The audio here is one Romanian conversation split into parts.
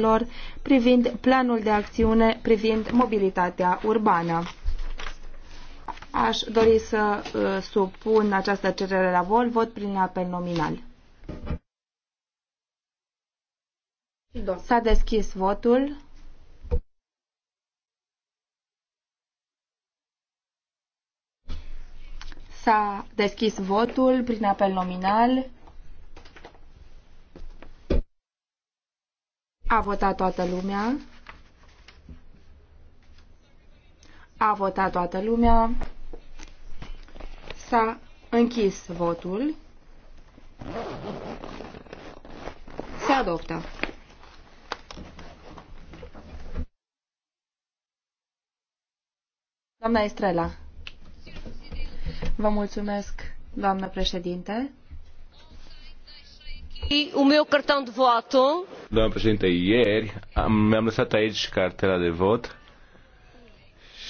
lor privind planul de acțiune privind mobilitatea urbană. Aș dori să uh, supun această cerere la vol, vot prin apel nominal. S-a deschis votul. S-a deschis votul prin apel nominal. A votat toată lumea. A votat toată lumea. S-a închis votul. Se adoptă. Doamna Estrela. Vă mulțumesc, doamnă președinte. O meu cartão de voto. Doamna președinte, ieri mi-am lăsat aici cartela de vot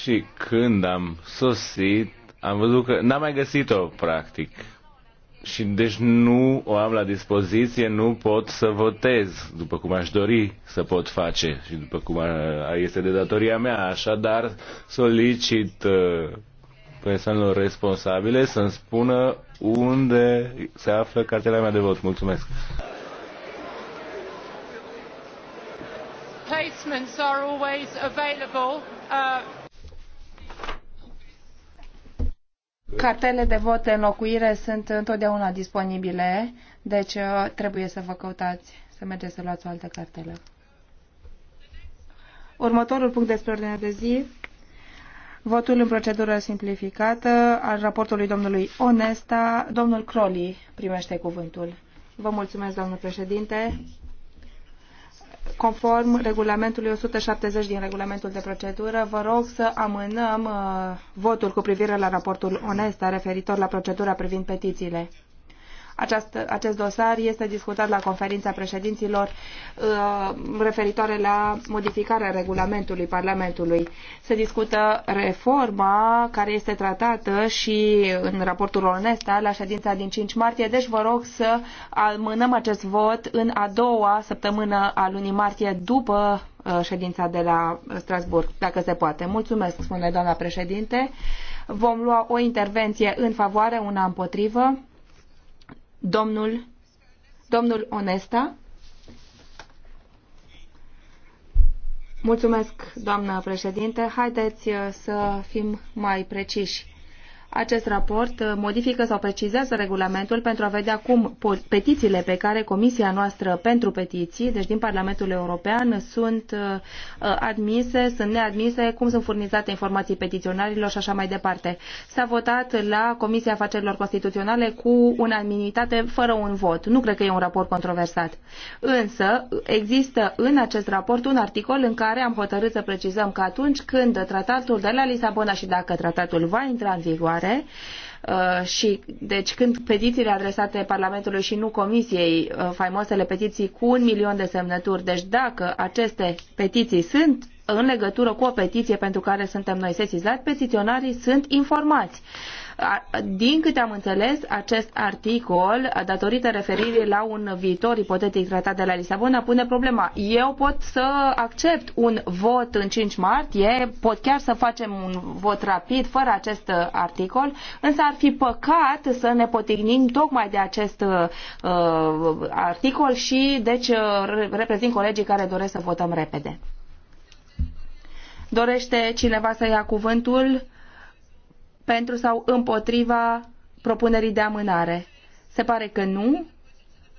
și când am sosit, am văzut că n-am mai găsit-o, practic. Și deci nu o am la dispoziție, nu pot să votez, după cum aș dori să pot face și după cum este de datoria mea. Așadar, solicit uh, persoanelor responsabile să-mi spună unde se află cartela mea de vot. Mulțumesc! Placements are always available. Uh... Cartele de vot de înlocuire sunt întotdeauna disponibile, deci uh, trebuie să vă căutați, să mergeți să luați o altă cartelă. Următorul punct despre ordinea de zi Votul în procedură simplificată al raportului domnului Onesta. Domnul Crowley primește cuvântul. Vă mulțumesc, domnul președinte. Conform regulamentului 170 din regulamentul de procedură, vă rog să amânăm uh, votul cu privire la raportul Onesta referitor la procedura privind petițiile aceast acest dosar este discutat la conferința președinților uh, referitoare la modificarea regulamentului Parlamentului. Se discută reforma care este tratată și în raportul Onesta la ședința din 5 martie, deci vă rog să amânăm acest vot în a doua săptămână a lunii martie după uh, ședința de la Strasburg, dacă se poate. Mulțumesc, spune doamna președinte. Vom lua o intervenție în favoare, una împotrivă domnul, domnul Onesta. Mulțumesc, doamnă președinte. Haideți uh, să fim mai preciși. Acest raport uh, modifică sau precizează regulamentul pentru a vedea cum petițiile pe care Comisia noastră pentru petiții, deci din Parlamentul European, sunt uh, uh, admise, sunt neadmise, cum sunt furnizate informații petiționarilor și așa mai departe. S-a votat la Comisia Afacerilor Constituționale cu unanimitate, fără un vot. Nu cred că e un raport controversat. Însă, există în acest raport un articol în care am hotărât să precizăm că atunci când tratatul de la Lisabona și dacă tratatul va intra în vigoare, mare uh, și deci când petițiile adresate Parlamentului și nu Comisiei, uh, faimoasele petiții cu un milion de semnături, deci dacă aceste petiții sunt în legătură cu o petiție pentru care suntem noi sesizați, petiționarii sunt informați. Din câte am înțeles, acest articol, datorită referirii la un viitor ipotetic tratat de la Lisabona, pune problema. Eu pot să accept un vot în 5 martie, pot chiar să facem un vot rapid fără acest articol, însă ar fi păcat să ne potignim tocmai de acest uh, uh articol și deci uh, reprezint colegii care doresc să votăm repede. Dorește cineva să ia cuvântul pentru sau împotriva propunerii de amânare? Se pare că nu.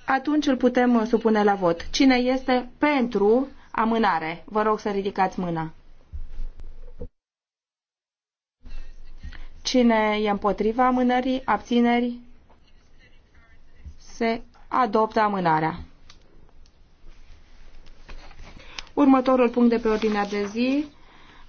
Atunci îl putem supune la vot. Cine este pentru amânare? Vă rog să ridicați mâna. Cine e împotriva amânării, abțineri, se adoptă amânarea. Următorul punct de pe ordinea de zi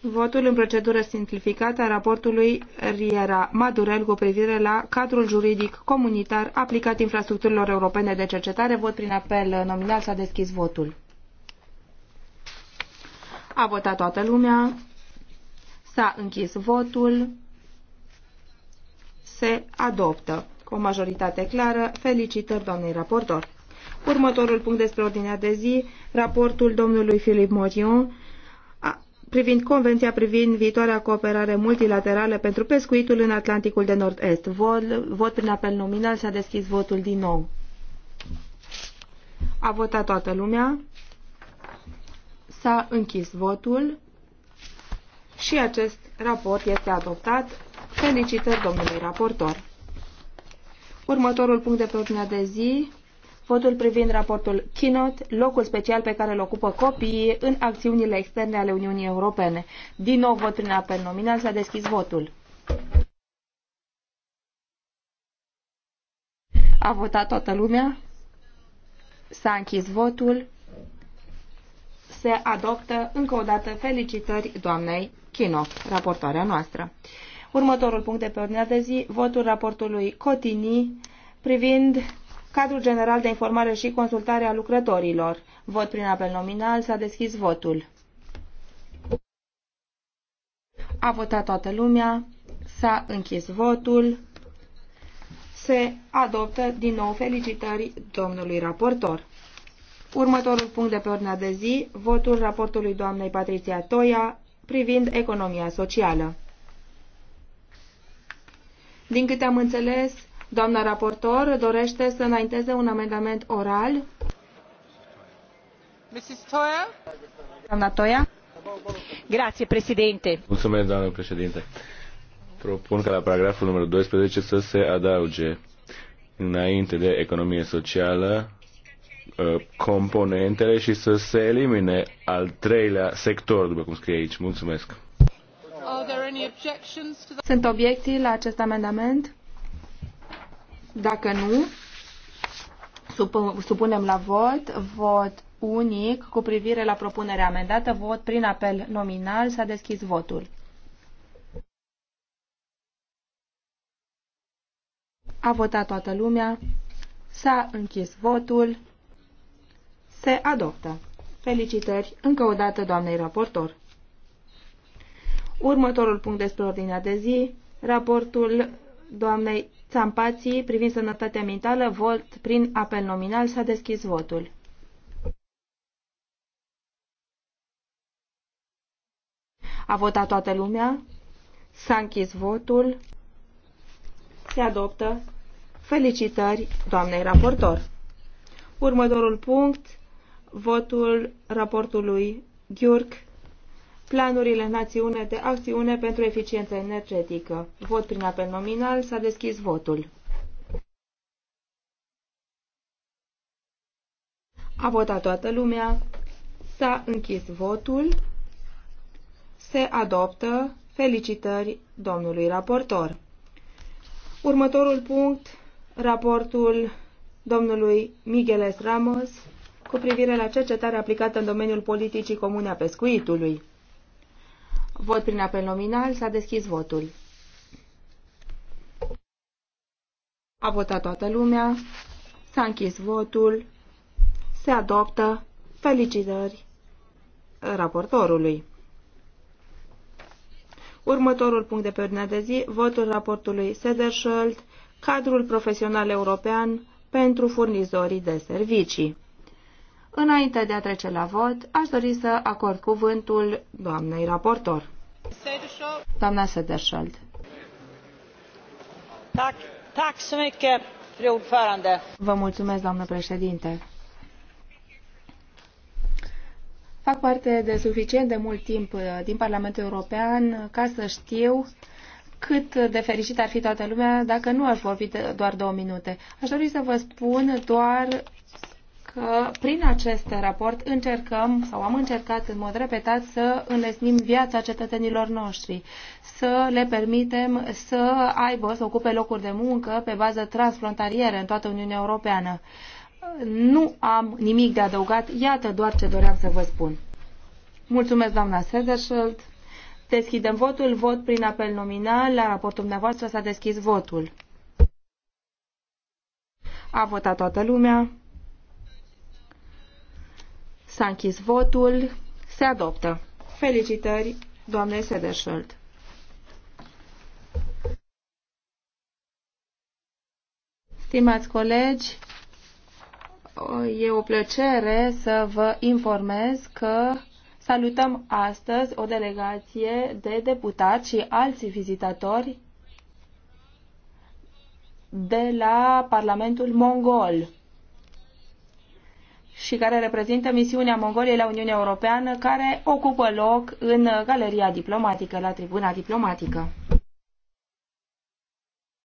Votul în procedură simplificată a raportului Riera Madurel cu privire la cadrul juridic comunitar aplicat infrastructurilor europene de cercetare. Vot prin apel nominal s-a deschis votul. A votat toată lumea. S-a închis votul. Se adoptă. Cu o majoritate clară, felicitări doamnei raportor. Următorul punct despre ordinea de zi, raportul domnului Filip Morion, privind Convenția privind viitoarea cooperare multilaterală pentru pescuitul în Atlanticul de Nord-Est. Vot, vot prin apel nominal s-a deschis votul din nou. A votat toată lumea. S-a închis votul și acest raport este adoptat. Felicitări domnului raportor. Următorul punct de pe ordinea de zi votul privind raportul Kinot, locul special pe care îl ocupă copiii în acțiunile externe ale Uniunii Europene. Din nou vot prin apel nominal, s-a deschis votul. A votat toată lumea. S-a închis votul. Se adoptă încă o dată felicitări doamnei Chino, raportoarea noastră. Următorul punct de pe ordinea de zi, votul raportului Cotini privind Cadrul general de informare și consultare a lucrătorilor. Vot prin apel nominal. S-a deschis votul. A votat toată lumea. S-a închis votul. Se adoptă din nou felicitări domnului raportor. Următorul punct de pe ordinea de zi, votul raportului doamnei Patriția Toia privind economia socială. Din câte am înțeles, Doamna raportor dorește să înainteze un amendament oral. Mrs. Toia? Doamna Toia? Grazie, președinte. Mulțumesc, doamnă președinte. Propun ca la paragraful numărul 12 să se adauge înainte de economie socială ă, componentele și să se elimine al treilea sector, după cum scrie aici. Mulțumesc. Sunt obiecții la acest amendament? Dacă nu, supunem la vot, vot unic cu privire la propunerea amendată, vot prin apel nominal, s-a deschis votul. A votat toată lumea, s-a închis votul, se adoptă. Felicitări încă o dată doamnei raportor. Următorul punct despre ordinea de zi, raportul doamnei Țampații privind sănătatea mentală, vot prin apel nominal, s-a deschis votul. A votat toată lumea, s-a închis votul, se adoptă. Felicitări doamnei raportor. Următorul punct, votul raportului Gheorghe planurile națiune de acțiune pentru eficiență energetică. Vot prin apel nominal. S-a deschis votul. A votat toată lumea. S-a închis votul. Se adoptă. Felicitări domnului raportor. Următorul punct, raportul domnului Migueles Ramos cu privire la cercetarea aplicată în domeniul politicii comune a pescuitului. Vot prin apel nominal. S-a deschis votul. A votat toată lumea. S-a închis votul. Se adoptă. Felicitări raportorului. Următorul punct de pe ordinea de zi, votul raportului Sederschult, cadrul profesional european pentru furnizorii de servicii. Înainte de a trece la vot, aș dori să acord cuvântul doamnei raportor. Doamna Sederschold. Vă mulțumesc, doamnă președinte. Fac parte de suficient de mult timp uh, din Parlamentul European ca să știu cât de fericit ar fi toată lumea dacă nu aș vorbi doar două minute. Aș dori să vă spun doar că prin acest raport încercăm sau am încercat în mod repetat să înlesnim viața cetățenilor noștri, să le permitem să aibă, să ocupe locuri de muncă pe bază transfrontalieră în toată Uniunea Europeană. Nu am nimic de adăugat, iată doar ce doream să vă spun. Mulțumesc, doamna Sederschild. Deschidem votul, vot prin apel nominal. La raportul dumneavoastră s-a deschis votul. A votat toată lumea. S-a închis votul. Se adoptă. Felicitări, doamne Sederschult. Stimați colegi, e o plăcere să vă informez că salutăm astăzi o delegație de deputați și alți vizitatori de la Parlamentul Mongol și care reprezintă misiunea Mongoliei la Uniunea Europeană, care ocupă loc în galeria diplomatică, la tribuna diplomatică.